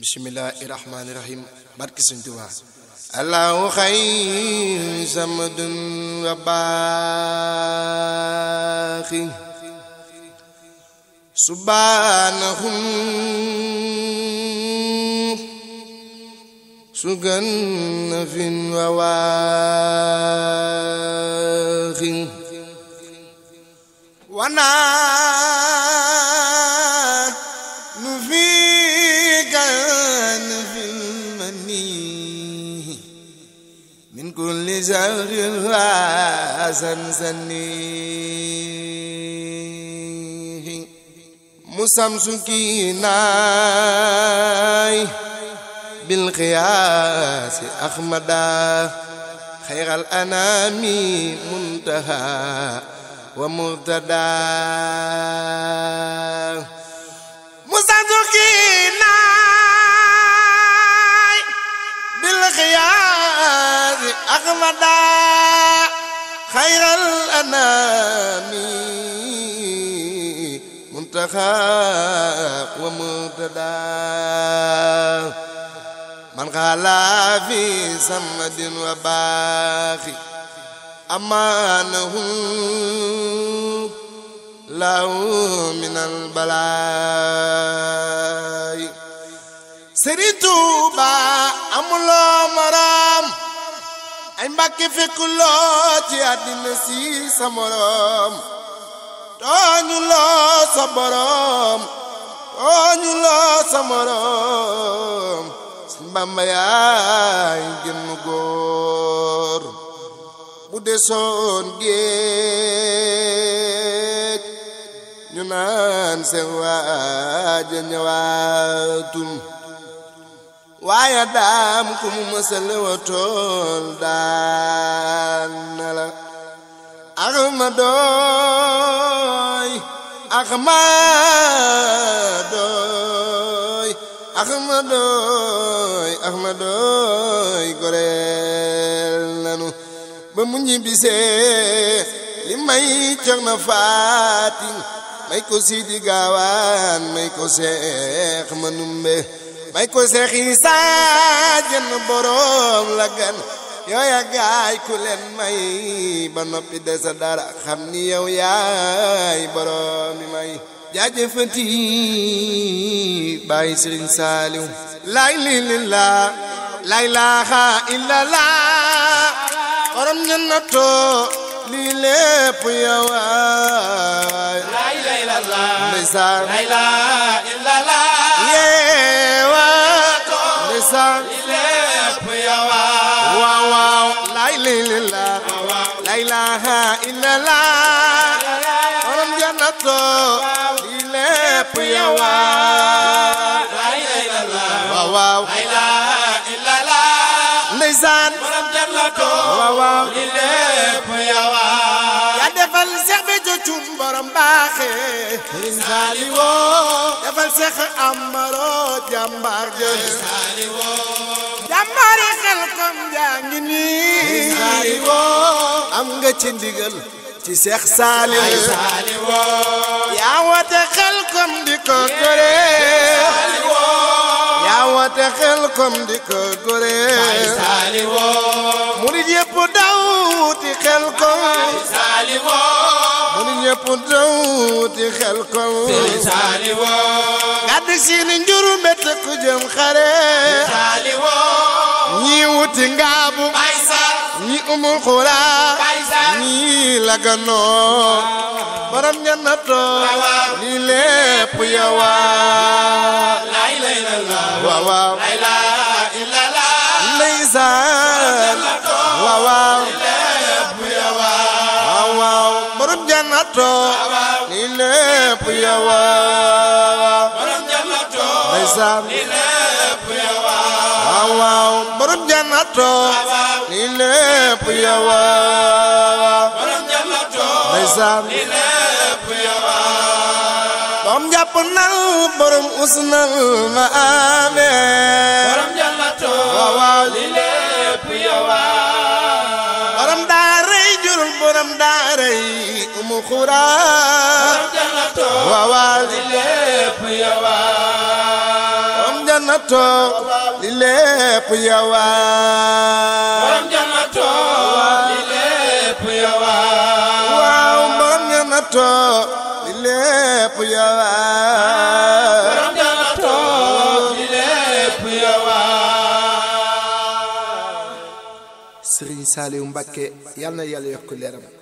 بسم الله الرحمن الرحيم بارك سنتوا الله خير زمد وباخ سبحانه سجنف وواخ وناخ بزوجها زنزنيه مسمسكي ناي بالقياس أخمدا خير الأنام منتهى ومرتدى مسمسكي ناي أغمدا خير الأنام منتخى ومرتدى من غلا في سمد وباخي أمانه له من البلاء سري توبا ay mbàkke fekkuloo ci àddina si sa moroom tooñu loo sa boroom tooñu loo sa moroom si Bamba yaay gën góor bu desoon géej ñu naan seen waaja ñëwaatul waaye daam ku mu mësa lewatool daan na la axmadooy axmadooy axmadooy axmadooy goreel nanu ba mu ñibbisee li may jox na faati may ko siidi gaawaan may ko seex ma numbe may ko Seex Isa jën boroom la gan yooya gaay ku leen may noppi de sa dara xam ni yow yaay boroom mi may jaajëfati bàyyi Sëriñ Saaliw laay lii li laaxa illa laa borom ñen na too lii لله لا إله إلا الله ورم جنة للاب يا لا إله إلا الله لا إله إلا الله لسان ورم جنة للاب يا يا دفل سيخ بجتوم برم باخي رسالي و دفل سيخ أمرو جمبار جمبار جمبار خلقم جانجني woo am yëpp daw ti xel kom murid yëpp daw ni njuru mbett ku jëm xare ñii wuti ñi umul xura ñi laganoo borom ñanato li lépp yawa la ilaha illallah waaw waaw la ilaha illallah ndeysaan waaw waaw lépp yawa waaw waaw borom ñanato li lépp yawa borom ñanato waaw waaw borom jànnato lii lépp yow borom jànnato ndeysaan lii lépp yow borom jàpp nal borom usnal ma amee borom jànnato waaw waaw lii lépp yow borom daaray jurul borom daaray umu xuraa borom jànnato waaw waaw lii lépp yow jannatu li lépp yawa borom jannatu li lépp yawa waaw borom jannatu li lépp yawa borom jannatu li lépp yawa Serigne Saliou Mbacké yal na yàlla yokk leeram